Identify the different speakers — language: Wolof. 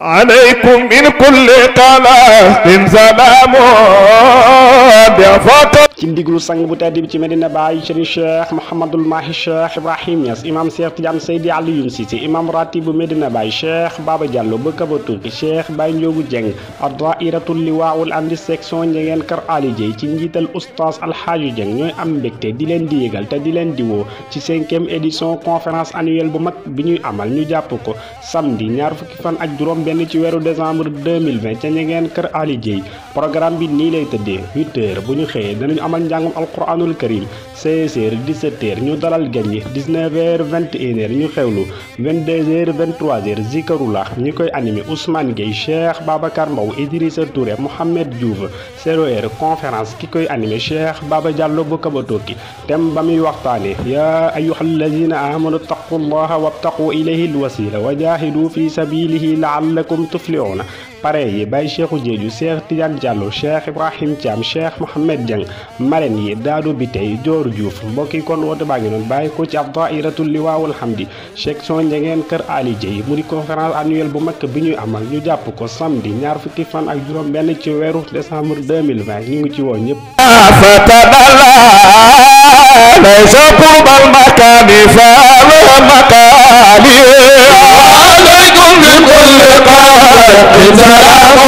Speaker 1: عليكم من كل قلق سلام ci ndiglu sang bu tedd bi ci medina baay sëriñ cheikh mohamadul mahi cheikh ibrahim Yas imam cheikh tidiane Ali aliyun sisi imam ratibu medina baay cheikh baba diallo ba kaba turki cheikh bay njogu jeng ad dairatul liwaul andi section ñengeen kër ali jey ci njiital oustaz alhaaju jeng ñooy am mbégte di leen di yëgal te di leen di woo ci cinquième édition conférence annuelle bu mag bi ñuy amal ñu jàpp ko samedi ñaar fukki fan ak juróom benn ci weeru décembre 2020 ca ñengeen kër ali jey programme bi nii lay tëddee 17h bu ñu xëyee danañu amal njàngum alquranul karim 16h 17h ñu dalal gan ñi 19h 21h ñu xewlu 22h 23h zikarula ñi koy animé Ousmane Gueye Cheikh Babacar Mbow Idrissa Touré Mohamed Diouf 0h conférence ki koy animé Cheikh Baba Diallo bu Kabatoki thème ba muy waxtaane yaa ayyuhal lazina amanu taqullaha wabtaqu ilayhi alwasila wajahidu fi sabilihi la'allakum tuflihuna pare yi bay cheikhou jeeju cheikh tidiane diallo cheikh ibrahim tiam cheikh mohammed dieng marraine yi dadu bi tey diouf mbokki kon wote baa non bay ko ci hamdi so njangeen keur ali djey muri di conférence annuelle bu mak biñu amal ñu japp ko samedi ñaar fukki fan ak juróom ben ci wéru décembre 2020 ñu ngi
Speaker 2: ci It's a